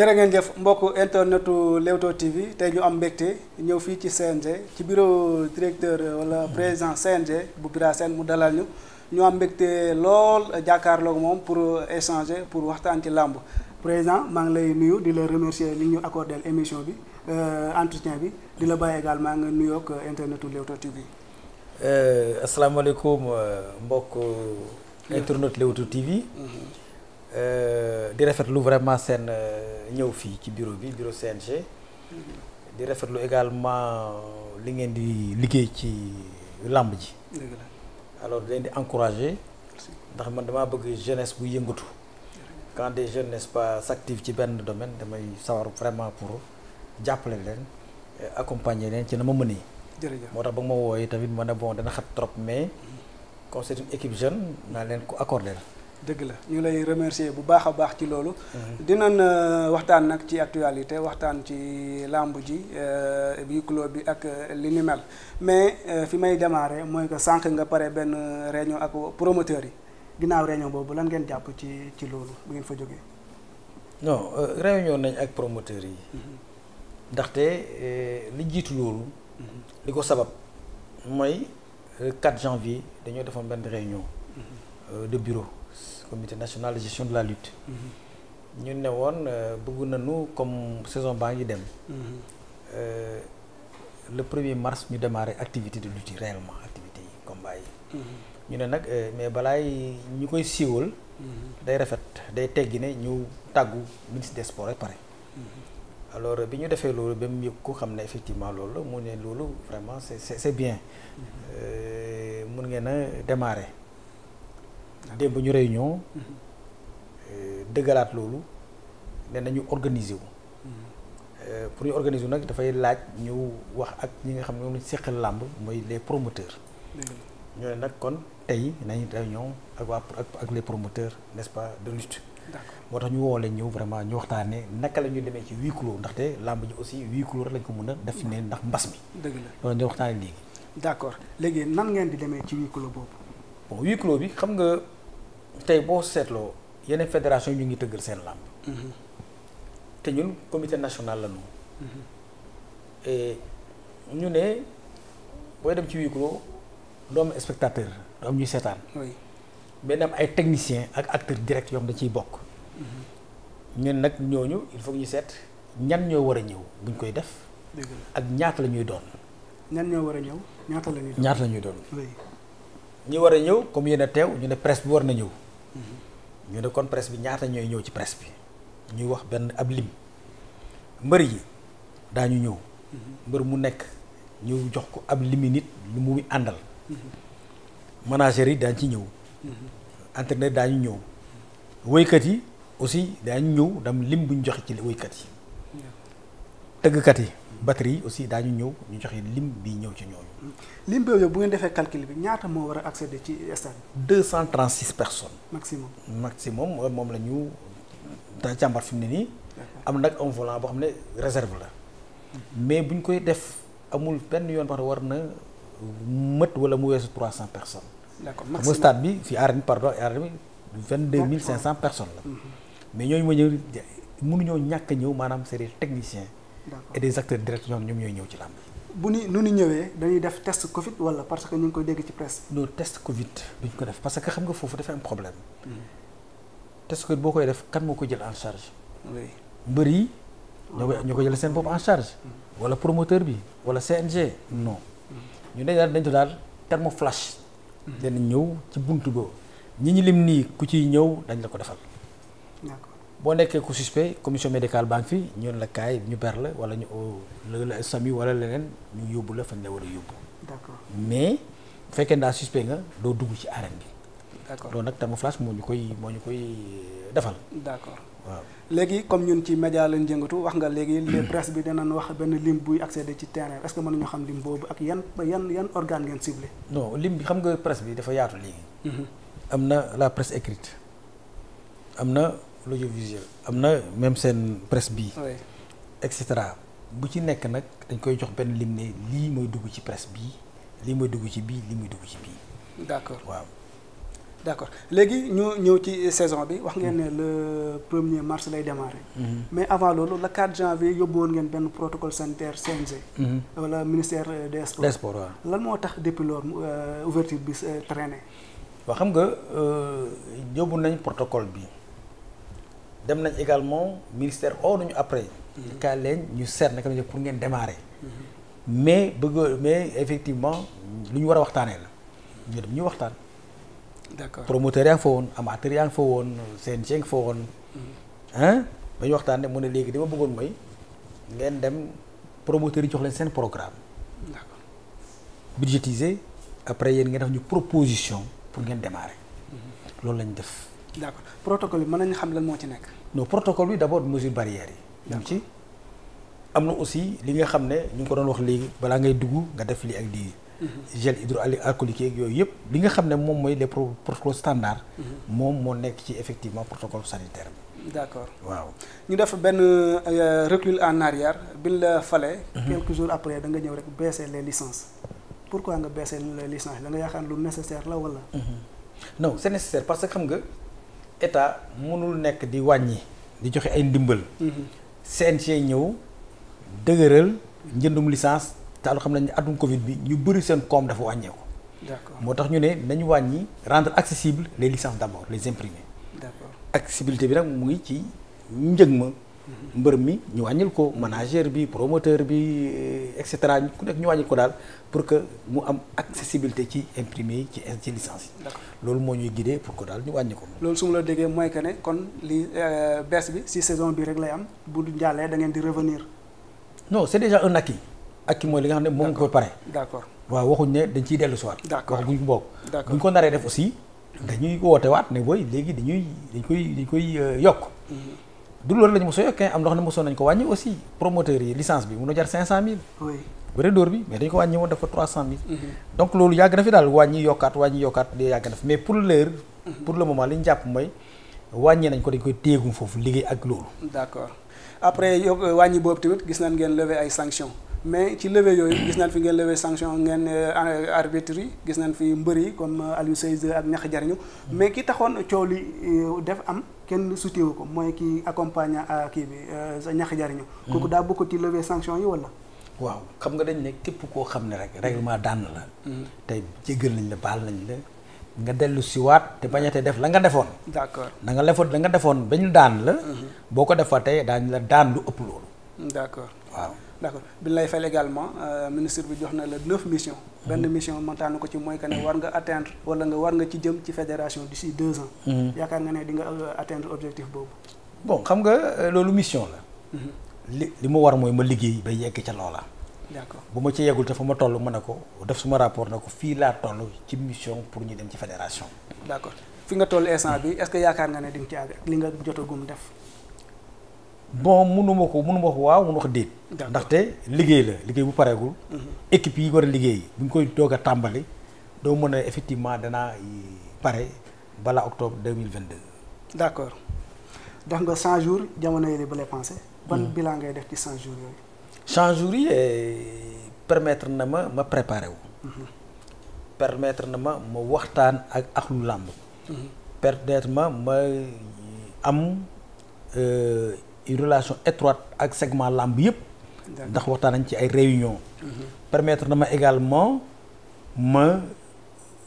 jërë ngeen jëf mbokk internetu Leewtoo TV tey ñu am mbégte ñëw fii ci CNG ci bureau directeur euh, wala président CNG bu Bira mu dalal ñu ñu am mbégte lool jàkkaarloog moom pour euh, échanger pour waxtaan ci làmb président maa ngi lay nuyu di la remercier li ñu accordé émission bi euh, entretien bi di la bàyyi également nga nuyoog internetu Leewtoo TV. asalaamaaleykum mbokk internet Leewtoo TV. Mm-hmm. Euh, di rafetlu vraiment seen euh, ñëw fii ci bureau bi bureau CNG. di rafetlu également li ngeen di liggéey ci làmb ji. alors di leen di encourager. ndax man damaa bëgg jeunesse bu yëngatu. quand des jeunes n'est-ce pas s'activent ci benn domaine damay sawar vraiment pour jàppale leen euh, accompagner leen ci na ma mënee. jërëjëf moo tax ba nga ma wooyee tamit ma ne bon dana xat trop mais mm-hmm. comme c'est équipe jeune naa leen ko accordé dëgg la ñu lay remercier bu baax a baax ci loolu. Mhm. dinañ euh, waxtaan nag ci actualité waxtaan ci làmb ji huis euh, clos bi ak euh, li ni mel mais fi may démarrer mooy que sànq nga pare benn réunion ak promoteurs yi ginnaaw réunion boobu lan ngeen jàpp ci ci loolu bu ngeen fa jógee. non réunion nañ ak promoteurs yi. Mhm. ndaxte li jiitu loolu. Mhm. li ko sabab mooy 4 janvier dañoo defoon benn réunion. de bureau. comité national de gestion de la lutte. ñu ne woon euh, bëgg nañu comme saison baa ngi dem. Euh, le premier mars ñu démarrer activité de lutte réellement activité yi combat yi. ñu ne nag euh, mais balaay ñu koy siiwal. day rafet day teggi ñu tàggu ministre de sports rek pare. alors bi ñu defee loolu ba mu yëg ko xam ne effectivement loolu la mu ne loolu vraiment c'est c'est bien. mun ngeen a démarrer. démb ñu réunion dëggalaat loolu ne nañu organiser wu euh, pour ñu organiser nag dafay laaj ñu wax ak ñi nga xam ne moom lañ seqal làmb mooy les promoteurs ñoo ne nag kon tey nañ réunion ak waa ak les promoteurs n'est-ce pas de lutte moo tax ñu woo leen ñëw vraiment ñu waxtaanee naka la ñu demee ci huis clos ndaxte làmb ji aussi huis clos rek lañ ko mën a def ne ndax mbas mi dëgg la loolu ñu waxtaanee léegi d'accord léegi nan ngeen di demee ci huis clos boobu bon huis bi xam nga tey boo seetloo yeneen fédération ñu ngi tëggal seen làmb mm-hmm. te ñun comité national la ñu. Mm-hmm. et ñu ne booy dem ci huis clos doo am spectateur seetaan. oui mais na am ay techniciens ak acteurs directs yoo xam da ciy bokk. Mm-hmm. ñun nag ñooñu il faut ñu seet ñan ñoo war a ñëw buñ koy def. ak ñaata la ñuy doon. ñoo war a ñëw ñaata la ñuy doon. la ñuy doon. ñi war a ñëw comme yéen a teew ñu ne presse bi war na ñëw mhm. ñu ne kon presse bi ñaata ñooy ñëw ci presse bi ñuy wax benn ab lim mbër yi daañu ñëw mhm. mbër mu nekk ñu jox ko ab limi nit lu muy àndal mhm. managers yi daañ ci ñëw entraîneur daañu ñëw woykat yi aussi daañu ñëw dam lim bu ñu joxe ci woykat yi tëggkat yi batterie yi aussi daañu ñëw ñu joxe lim bi ñëw ci ñooñu. lim boobu bu ngeen defee calcul bi ñaata moo war a accéder ci stade bi. deux cent trente six personnes. maximum maximum euh, moom la ñu daa cambar fi mu ne nii. am nag un boo xam ne réserve la. mais bu ñu koy def amul benn yoon boo xam ne war na mët wala mu weesu trois cent personnes. d'accord maximum stade bi fii arène pardon arène bi vingt mille cinq cent personnes la. mais ñooñu ma ñëw mënuñoo ñàkk a ñëw maanaam c'est des techniciens. et des acteurs directs ñoom ñoom ñooy ñëw ci làmb bu ni nu ni ñëwee dañuy def test Covid wala parce que ñu ngi koy dégg ci presse. non test Covid duñ ko def parce que xam nga foofu dafa am problème. Hmm. test Covid boo koy def kan moo ko jël en charge. oui mbër yi. ñoo ko ah, jël seen bopp en charge. Hmm. wala promoteur bi wala CNG. non hmm. ñu ne daal dañ ko daal thermoflash. danañ ñëw ci bunt boobu ñi ñu nii ku ciy ñëw dañ la ko defal. boo nekkee ko suspect commission médicale baa ngi fi ñun la kaay ñu ber la wala ñu la SAMU wala leneen ñu yóbbu la fa la war a yóbbu. d'accord mais bu fekkee ndaa suspect nga doo dugg ci arène bi. d'accord loolu nag camouflage moo ñu koy moo ñu koy euh, defal. d'accord waaw léegi comme ñun ci média lañ jëngatu wax nga léegi. les presse bi danañ wax benn lim buy accéder ci terrain est-ce que mën xam lim boobu ak yan yan yan organe ngeen ciblé. non lim bi xam nga presse bi dafa yaatu léegi. Mhm. am na la presse na. l'audiovisuel am na même seen presse bii. et cetera bu ci nekk nag dañ koy jox benn lim ne lii mooy dugg ci presse bii lii mooy dugg ci bii lii mooy dugg ci bii. d'accord waaw. d'accord léegi ñu ñëw ci saison bi wax ngeen ne le premier mars lay démarrer. Mhm. mais avant loolu le 4 janvier yóbbu woon ngeen benn protocole sanitaire CNG. Mhm. wala mmh. ministère des sports. des lan moo tax depuis loolu euh, ouverture bi euh, traîné. waa xam nga euh, yóbbu nañ protocole bi. dem nañ également ministère oo nañu après. kaa mhm. leen ñu seet naka la pour ngeen démarrer. Mhm. mais bëgg mais effectivement lu ñu war a waxtaanee la ñu ñu waxtaan. d'accord promoteur yaa ngi fa woon amateur yaa ngi foo woon CNG ngi fa woon. Mhm. ba ñu waxtaanee mu ne léegi dama bëggoon mooy ngeen dem promoteur yi jox leen seen programme. d'accord budgétisé après yéen ngeen def ñu proposition pour ngeen démarrer. loolu lañ def. d' accord protocole bi mën nañu xam lan moo ci nekk. non protocole bi d' abord mesure barrière yi. ñu ci am na aussi li nga xam ne ñu ngi ko doon wax léegi balaa ngay dugg nga def lii ak di mhm. gel hydroalcoolique yeeg yooyu yëpp li nga xam ne moom mooy les protocoles standards. Mhm. moom moo nekk ci effectivement protocole sanitaire bi. d' accord waaw. ñu def benn euh, recul en arrière bi la fale. Mhm. quelques jours après da nga ñëw rek baisser les licences. pourquoi nga baisser les licences da la wala. non c' est xam nga. état mënul nekk di wàññi di joxe ay ndimbal. Mhm. CNG ñëw dëgëral njëndum licence te xam nañ ne atum Covid bi ñu bëri seen koom dafa wàññeeku. d'accord moo tax ñu ne nañu wàññi rendre accessible les licences d'abord les imprimer. d'accord accessibilité bi nag mu ngi ci njëg ma. mbër mi ñu wàññil ko manager bi promoteur bi et cetera ku nekk ñu wàññil ko daal pour que mu am accessibilité ci imprimé yi ci ci licence yi. loolu moo ñuy guidé pour que daal ñu wàññi ko. loolu su ma la déggee mooy que ne kon li euh, baisse bi si saison bi rek lay am bu njàllee da ngeen di revenir. non c' est déjà un acquis. acquis li nga xam ne moom nga ko pare. d' accord waaw waxuñ ne dañ ciy dellu si waat. d' accord d' accord bu ñu ko naree def aussi. dañuy woote waat ne booy léegi dañuy dañ koy dañ koy euh, yokk. Mm-hmm. du loolu lañu mosoon yokk am loo xam ne ko wàññi aussi promoteur yi licence bi mun na jar cinq cent mille bëri dóor bi mais dañu ko wàññi woon def ko trois cent mille mhm. donc loolu yàgg na fi daal wàññi yokkaat wàññi yokkaat di yàgg na fi mais pour l'heure mhm. pour le jàpp mooy wàññi nañ ko foofu liggéey ak loolu d'accord après euh, wàññi boobu tamit gis nañ ngeen lever ay sanctions mais ci lever yooyu gis nañ fi ngeen lever sanction ngeen euh, arbitre yi gis nañ fi mbër yi comme euh, Aliou Seye ak ñax jariñu mais ki taxoon coow li def am kenn sutewu ko mooy kii accompagnant à euh, kii bi euh, sa ñax jariñu hmm. kooku daa bokk ci lever sanction yi wala waaw xam nga dañ ne képp koo xam ne rek règlement daan la hmm. tey jéggal nañ la baal nañ la nga dellu si waat te bañatee def la nga defoon d'accord na nga lefoon la nga defoon bañ daan la hmm. boo ko defatee daañu la daan lu ëpp loolu d'accord waaw d' accord bi lay fay également euh, ministre bi jox na la neuf missions. Mhm. benn mission mëntaanu ko ci mooy que ne war nga atteindre wala nga war nga ci jëm ci fédération d'ici deux ans. Mhm. yaakaar nga ne di nga euh, atteindre objectif boobu. bon xam nga euh, loolu mission la. Mhm. li li ma war mooy ma liggéey ba yegg ca loola. d' accord bu ma ci yeggul te ma toll ma ne ko def suma rapport ne fii laa toll ci mission pour ñu dem ci fédération. d' accord fi nga toll instant yaakaar nga ne di nga ci li nga jotagum def. bon munuma ko mënuma ko waaw mënuma ko déet. ndaxte liggéey la liggéey bu pareegul. Mhm. équipe yi war a liggéey bu ñu koy doog a tàmbali doo mën a effectivement danaa pare balaa octobre deux mille vingt deux. d' accord dox nga cent jour jamono yële ba lay pensé. ban mhm. bilan ngay def ci cent jours yooyu. cent eh, permettre na ma ma préparer wu. Mhm. na ma ma waxtaan ak ak lu làmb. permettre ma ma am. Euh, relation étroite ak segment làmb yëpp. ndax waxtaan nañ ci ay réunion permettre na ma également ma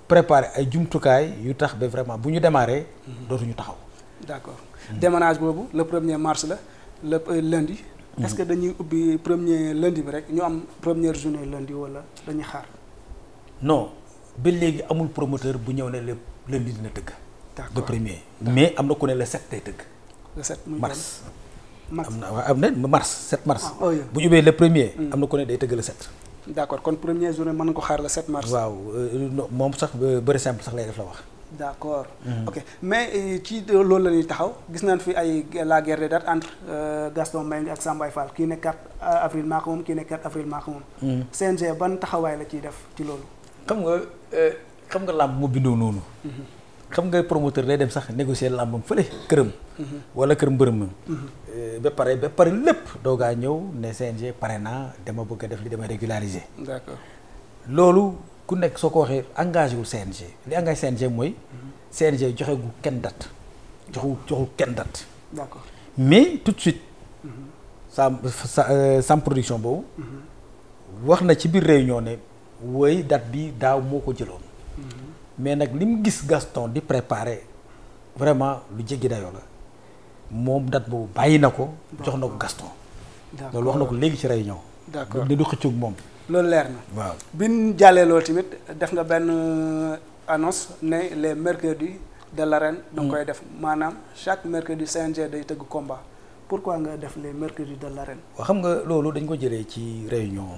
préparer ay jumtukaay yu tax ba vraiment bu ñu démarrer. Mhm. dootuñu taxaw. d'accord démarrage boobu le première mars la le euh, lundi. Mhm. est que dañuy ubbi premier lundi rek ñu am première journée lundi wala dañuy xaar. non ba léegi amul promoteur bu ñëw ne le lundi dina tëgg. d'accord le mais am na ko ne le sept day tëgg. le sept muy mars. am na na mars 7 mars. Ah, bu ñu ubbee le premier. Hmm. am na ku ne day tëgg le 7. d' accord kon première journée mën nga ko xaar le 7 mars. waaw euh, moom sax euh, bëri simple sax lay def la wax. d' accord. Hmm. ok mais euh, ci loolu la taxaw gis nañ fi ay la guerre des dates entre Gaston Mbengue ak Samba Fall kii ne 4 avril maa ko moom kii ne avril maa ko moom. Hmm. CNG ban taxawaay la ciy def ci loolu. xam nga xam nga làmb mu bindoo noonu. xam nga promoteur day dem sax négocier làmbam fële këram. wala kër mbërëm. ba pare ba pare lépp doogaa ñëw ne CNG pare naa dama bëgg a def li dama régulariser. loolu ku nekk soo ko waxee engagé wu CNG li engagé CNG mooy. Mhm. CNG joxe gu kenn date joxu joxu kenn dat d'accord mais tout de suite. Mhm. sam euh, sam production boobu. Mhm. wax na ci biir réunion ne woy date bi daaw moo ko jëloon. mais nag li mu gis Gaston di préparer vraiment lu jéggi dayoo la. moom date boobu bàyyi na ko jox na ko Gaston loolu wax na ko léegi ci réunion d'accord du xëccoog moom loolu leer na waaw bin jàllee loolu tamit def nga benn euh, annonce ne les mercredis de l'arène danga mm. koy def maanaam chaque mercredi CNG day tëgg combat pourquoi nga def les mercredis de l'arène waaw xam nga loolu dañ ko jëlee ci réunion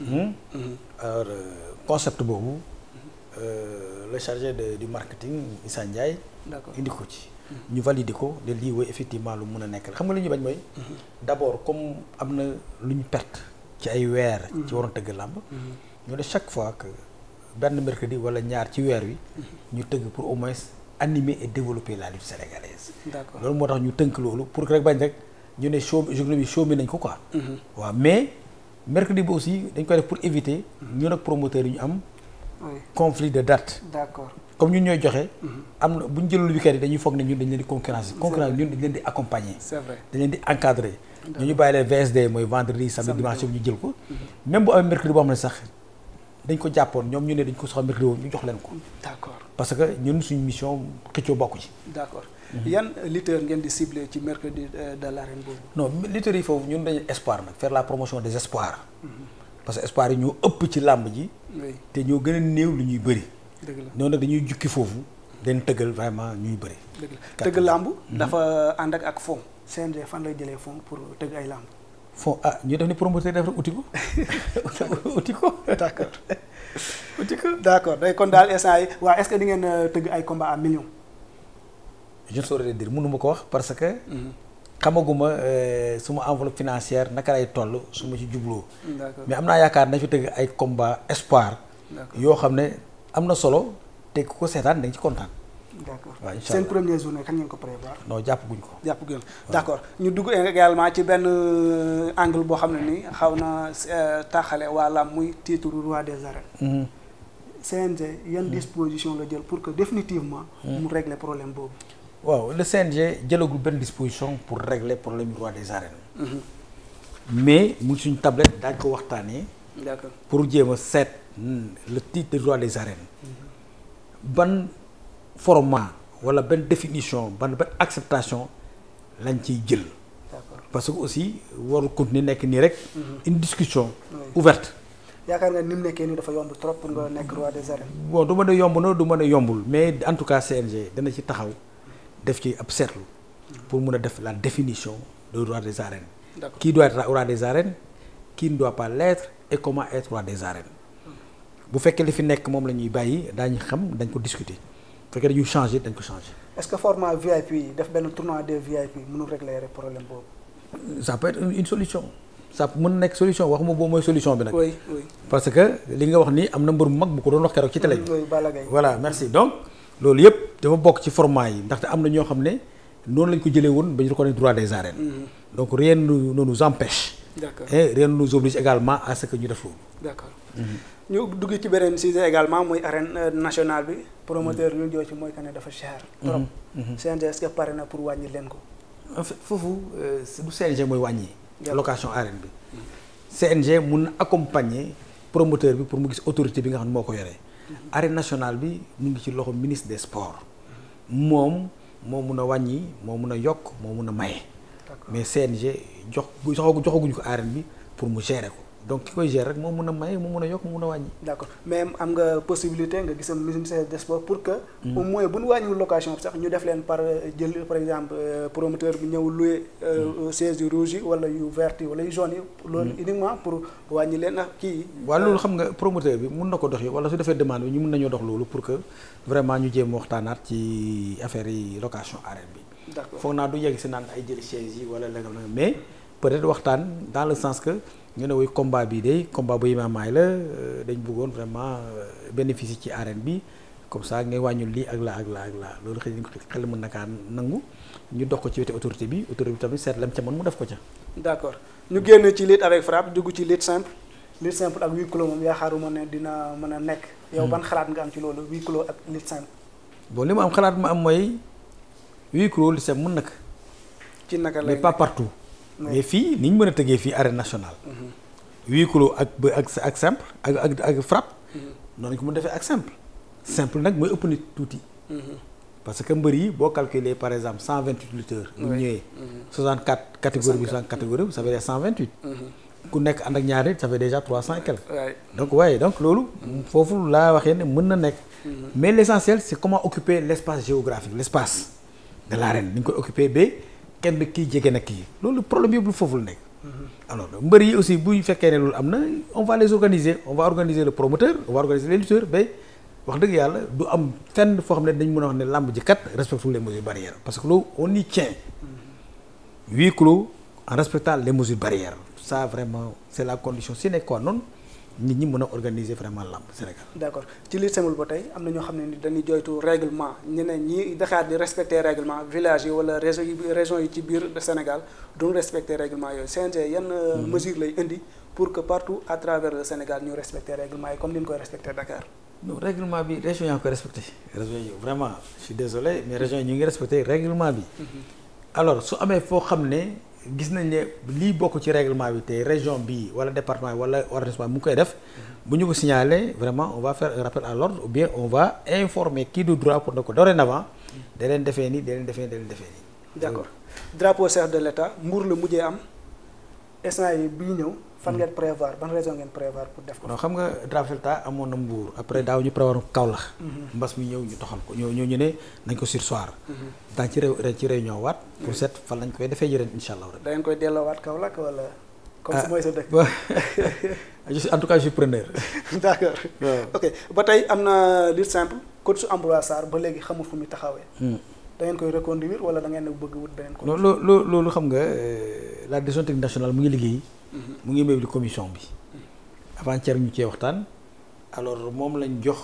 mm. hmm? mm-hmm. alors euh, concept boobu mm-hmm. euh, le chargé de du marketing Issa Ndiaye indi ko ci ñu validé ko de lii wooy effectivement lu mun a nekk la xam nga li ñu bañ mooy d'abord comme am na lu ñu perte ci ay weer ci waroon tëgg làmb ñu ne chaque fois que benn mercredi wala ñaar ci weer wi ñu tëgg pour au moins animer et développer la lutte sénégalaise d'accord loolu moo tax ñu tënk loolu pour que rek bañ rek ñu ne show journée bi show nañ ko quoi mhm. waaw mais mercredi bi aussi dañ koy def pour éviter ñu nag promoteur yi ñu am conflit de date. d'accord comme ñun ñooy joxe. Mhm. am na bu ñu jëlul week yi dañuy foog ne ñun dañu leen di concurrence concurrence ñun dañu leen di accompagner. c'est vrai dañu leen di encadrer. ñu ñu bàyyi leen VSD mooy vendredi samedi dimanche ñu jël ko. Mhm. même bu amee mercredi boo xam sax dañ ko jàppoon ñoom ñu ne dañ ko soxla mercredi ñu jox leen ko. d'accord parce que ñun suñu mission xëccoo bokku ci. d'accord mhm. yan lutteurs ngeen di ciblé ci mercredi euh, de l'arène boobu. non lutteurs yi foofu ñun dañu espoir nag faire la promotion des espoirs. parce que espoir yi ñoo ëpp ci làmb ji. te ñoo gën a néew lu ñuy bëri. dëgg la noonu nag dañuy jukki foofu. den tëggal vraiment ñuy bëri. dëgg tëgg làmb. Mhm. dafa ànd ak ak fond. CNG fan lay jële fond pour tëgg ay làmb. fond ah ñu def ni promoteur def uti ko uti ko d' accord d' accord day kon daal instant yi waaw est ce que di ngeen euh, tëgg ay combat à million. je ne saurais dire mënu ko wax parce que. Mhm. xamaguma euh, suma enveloppe financière naka lay toll suma ci jubloo. mais am naa yaakaar nañ fi tëgg ay combat espoir. yoo xam ne am na solo te ku ko seetaan da ci kontaan. d' accord waaw seen première journée kañ ngeen ko prévoir. non jàpp guñ ko. jàpp guñ ko d' accord ñu dugg également ci benn euh, angle boo xam ne nii xaw na euh, taxale wala muy titre roi des arènes. Mhm. CNG yan mhm. disposition la jël pour que définitivement. Mhm. mu régler problème boobu. waaw le CNG jëlagul benn disposition pour régler problème roi des arènes. Mm -hmm. mais mu suñ tablette daañ ko waxtaanee. pour jéem a seet le titre de roi des arènes. Mhm. ban format wala benn définition ban benn acceptation lañ ciy jël. parce que aussi warul continuer nekk nii rek. Mhm. une ouverte. yaakaar nga ni mu nekkee nii dafa yomb trop pour nga nekk roi des arènes. bon du ma ne yomb na du ma ne yombul mais en tout cas CNG dana ci taxaw. def ci ab seetlu pour mun a def la définition de roi des arènes. d'accord qui doit être roi des arènes qui ne doit pas l'être et comment être roi des arènes. bu fekkee li fi nekk moom la ñuy bàyyi daañu xam dañ ko discuter bu fekkee dañuy changer dañ ko changer. est-ce que format VIP yi def benn tournoi de VIP mënul régler problème boobu. ça peut une solution. ça mun nekk solution wax waxuma boobu mooy solution bi nag. oui oui parce que li nga wax ni am na mbër bu mag bu ko doon wax keroog ci télé bi. voilà merci donc loolu yëpp. dafa bokk ci format yi ndaxte am na ñoo xam ne noonu lañ ko jëlee woon ba ñu reconnaître droit des arènes. Mmh. donc rien ne nous empêche. d'accord et rien ne nous que ñu def loolu. Mm-hmm. ñu dugg ci beneen sujet également mooy arène euh, nationale bi. promoteur lu ñu joo ci mooy que ne dafa cher. trop mm-hmm. na pour wàññi leen ko. en fait foofu euh, du CNG mooy wàññi. location arène bi. Mm-hmm. CNG mun na accompagner promoteur bi pour mu gis autorité bi nga xam ne moo ko yore. arène national bi mu ngi ci loxo ministre des sports. moom moo mun a wàññi moo mun a yokk moo mun a maye. mais CNG jox joxaguñ ko arène bi pour mu gérer ko. donc ki koy gérer moo mun a may moo mun a yokk moo mun a wàññi. mais am nga possibilité nga gisam ministère des pour que. Hmm. au moins bu ñu wàññiwul location bi sax ñu def leen par euh, jël par exemple euh, promoteur bi ñëw loué euh, hmm. siège yu rouge yi wala yu vert yi wala yu jaune yi. loolu hmm. uniquement pour wàññi leen ak ah, kii yi. loolu xam nga promoteur bi mun na ko doxee wala su defee demande bi ñu mun nañoo dox loolu pour que vraiment ñu jéem waxtaanaat ci affaire yi location arène bi. d' accord foog naa du yegg si naan ay jël siège yi wala léeg-léeg mais peut être waxtaan dans le sens ñu ne woy combat bi de combat bu yemamaay la euh, dañ bëggoon vraiment euh, bénéficier ci arène bi comme saa ngay wàññul lii ak laa ak laa ak laa loolu xëy na xel mën na kaa nangu ñu dox ko ci wetu autorité bi autorité bi tamit seet lam ca mën mu def ko ca. d'accord ñu génn ci lutte avec frappe dugg ci lutte simple. lutte simple ak huis clos moom yaakaaruma ne dina mën a nekk. yow ban hmm. xalaat nga am ci loolu huis clos ak lutte simple. boo li ma am xalaat ma am mooy huis clos lutte simple mën na ci naka lay mais mais fii ni ñu mën a tëggee fii arène nationale. Mhm. huis clos ak ba ak ak simple ak ak ak frappe. Mhm. noonu mooy ëpp tuuti. Mhm. parce que mbër yi boo calculer par exemple cent vingt huit lutteurs. bu ñu ñëwee. soixante quatre catégorie ku nekk ak ñaari ça fait déjà waaye ouais, loolu. foofu laa waxee ne mën na nekk. mais l' essentiel c' est comment occuper l' espace géographique l' espace. de l'arène ni ñu koy occuper ba. kenn kii jege na kii loolu problème yëpp bu foofu la nekk. alors mbër yi aussi bu fekkee ne loolu am na on va les organiser on va organiser le promoteur on va organiser les lutteurs mais wax dëgg yàlla du am fenn foo xam ne dañ mën a wax ne làmb ji kat respecte les mesures barrières parce que loolu on y tient huis clos en respectant les mesures barrières ça vraiment c'est la condition sine qua noonu nit ñi mën a organiser vraiment làmb Sénégal. d' ci lutte simple ba tey am na ñoo xam ne ni dañuy joytu règlement ñeneen ñi Dakar di respecter règlement village yi wala région yi région yi ci biir Sénégal duñu respecter règlement yooyu CNG euh, mhm. pour que partout à travers le Sénégal ñu respecter ñu koy respecter Dakar. non règlement bi région yaa ngi koy respecté région yi vraiment je désolé mais région yi ñu ngi respecté règlement bi. Mhm. alors su amee foo xam ne. gis nañ ne lii bokk ci règlement bi tey région bi wala département bi wala organisme mu ngi koy def bu ñu ko signaler vraiment on va faire un rappel à l'ordre ou bien on va informer qui de droit pour ne ko dorénavant da leen defee nii da defee nii da defee nii. d'accord drapeau chef de l'État Mbour la mujjee am instant yi bi ñëw. fan ngeen prévoir ban raison ngeen prévoir pour def ko. noo xam nga Drafelta amoon na Mbour après daaw ñu prévoir Kaolack. Mhm. mbas mi ñëw ñu toxal ko ñëw ñëw ñu ne nañ ko sursoir. Mhm. daañu ci ré ci réunion waat. Mhm. pour seet fan lañ koy defee yëreen incha allah. da ngeen koy delloowaat Kaolack wala. comme su ah. mooy sa dëkk. je suis en tout cas je suis preneur. d' ba tey am na lutte simple coach su Ambroise Sarr ba léegi xamul fu muy taxawee. Hmm. da ngeen koy reconduire wala da ngeen bëgg wut beneen. non loo loolu xam nga euh, la décision technique nationale mu ngi liggéey. mu ngi di commission bi avant-hier ñu cee waxtaan alors moom lañ jox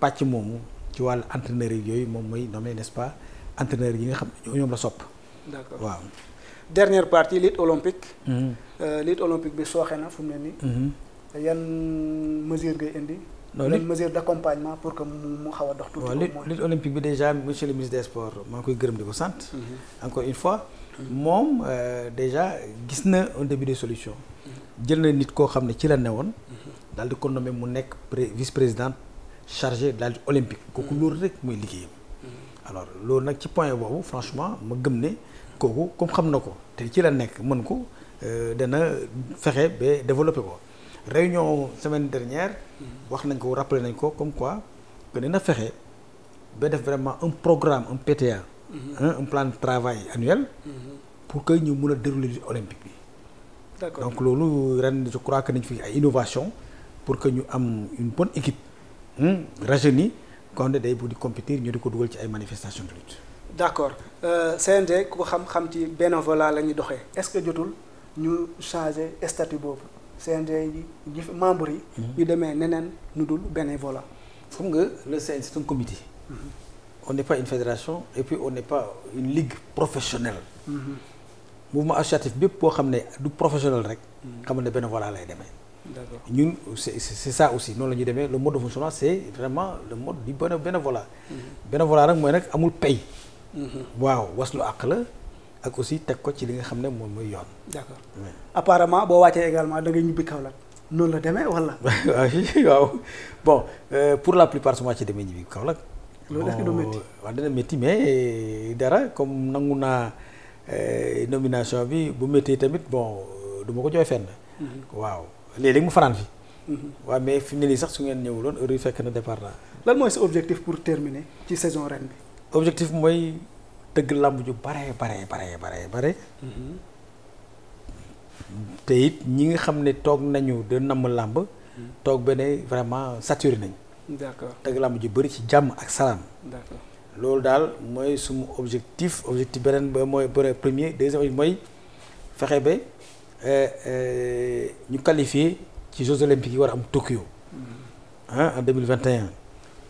pàcc moomu ci wàllu entraîneur yi yooyu moom mooy nommé n'est-ce pas entraîneur yi nga xam ne ñoom la sopp d'accord waaw dernière partie lutte olympique mhm. euh, lutte olympique bi sooxe na fu mu ne nii mhm. yan mesure ngay indi loolu une mesure d'accompagnement pour que mu xaw a dox tuuti waaw lutte olympique bi déjà monsieur le ministre des sports maa ngi koy gërëm di ko sant mhm. encore une fois moom euh, déjà gis na un début de solution. jël na nit koo xam ne ci la newoon. daal di ko mu nekk vice président chargé daal di olympique. kooku mm-hmm. loolu rek mooy liggéeyam. Mm-hmm. alors loolu nag ci point boobu franchement ma gëm ne kooku comme xam na ko te ci la nekk mën ko euh, dana fexe ba développé ko réunion semaine dernière. Mm-hmm. wax nañ ko rappelé nañ ko comme quoi que dina fexe ba def vraiment un programme un PTA. un plan de travail annuel. pour que ñu mën a dérouler lutte olympique bi. d'accord donc loolu ren je crois que nañ fi ay innovation pour que ñu am une bonne équipe rajeunie kon day bu di compétir ñu di ko dugal ci ay manifestations de lutte. d'accord euh, CNG ku ko xam-xam ci bénévolat la ñuy doxee est-ce que jotul ñu changer statut boobu CNG yi ñi membres yi. Mhm. ñu demee neneen nu dul bénévolat. xam nga le CNG c'est un on n'est pas une fédération et puis on n'est pas une ligue professionnelle. mouvement associatif bépp boo xam ne du professionnel rek. xam ne benn voilà lay demee. d'accord ñun c'est c'est ça aussi noonu la ñuy demee le mode de fonctionnement c'est vraiment le mode du benn bénévolat. Mhm. bénévolat nag mooy nag amul pay. Mhm. waaw was lu àq la ak aussi teg ko ci li nga xam ne moom mooy yoon. d'accord apparemment boo wàccee également da ngay ñibbi Kaolack. noonu la demee wala. Ah waaw euh, pour la plupart su ma ci demee ñibbi Kaolack. loolu est-ce que du métti waaw dana métti mais eh, dara comme nangu naa eh, nomination bi bu méttee tamit bon du ma ko jooy fenn. Mm-hmm. waaw léeg-léeg mu fanaan fi. Mm-hmm. waaw mais fi mu ne nii sax su ngeen ñëwuloon heure yi fekk na départ naa. lan mooy si objectif pour terminer ci saison ren bi. objectif mooy tëgg làmb ju bare bare bare bare bare. Mm-hmm. te it ñi nga xam ne toog nañu de namm làmb. toog ba ne vraiment saturé nañ. d'accord teg làmb ji bëri ci jàmm ak salaam. loolu daal mooy sumu objectif objectif beneen ba mooy premier deuxième objectif mooy fexe ba euh, euh, ñu qualifié ci Jeux olympiques yi war am Tokyo. ah en deux mille vingt et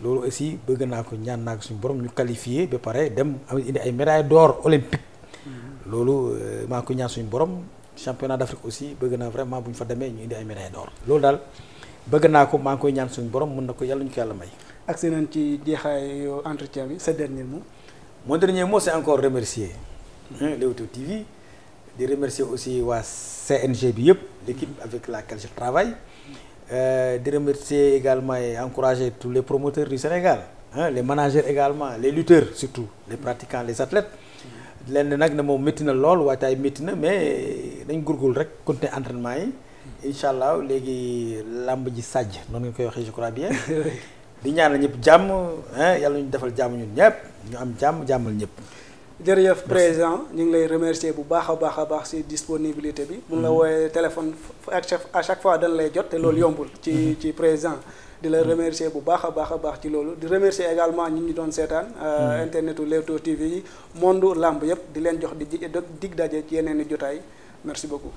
loolu aussi bëgg naa ko ñaan naa ko suñu borom ñu qualifié ba pare dem am indi ay médailles d'or olympique. Mm-hmm. loolu euh, maa ko ñaan suñu borom championnat d'Afrique aussi bëgg naa vraiment bu fa demee ñu indi ay médailles d'or loolu daal. bëgg naa ko maa koy ñaan suñu borom mun na ko yàlla ko yàlla may. ak seeneen ci jeexaayu entretien bi sa dernier mot. mon dernier mot c'est encore remercier. Leewtoo TV di remercier aussi waa CNG bi yëpp l'équipe avec laquelle je travaille. Euh, di remercier également et encourager tous les promoteurs du Sénégal hein, les managers également les lutteurs surtout les pratiquants les athlètes lenn nag ne moom métti na lool waay taay métti na mais dañ gurgul rek continuer entraînement yi incha allah léegi làmb ji sàjj noonu nga koy waxee je crois bien di ñaanal ñëpp jàmm yàlla ñu defal jàmm ñun ñëpp ñu am jàmm jàmmal ñëpp. jërëjëf président ñu ngi lay remercier bu baax a baax a baax ci disponibilité bi. mun la mhm. wooyee téléphone à chaque fois dañ lay jot te loolu mhm. yombul. ci mhm. ci président. di la remercier bu baax a baax a baax ci loolu di remercier également ñi ñu doon seetaan. Euh, internetu Leewtoo TV yi monde làmb yëpp di leen jox di dig daje yeneen i jotaay merci beaucoup.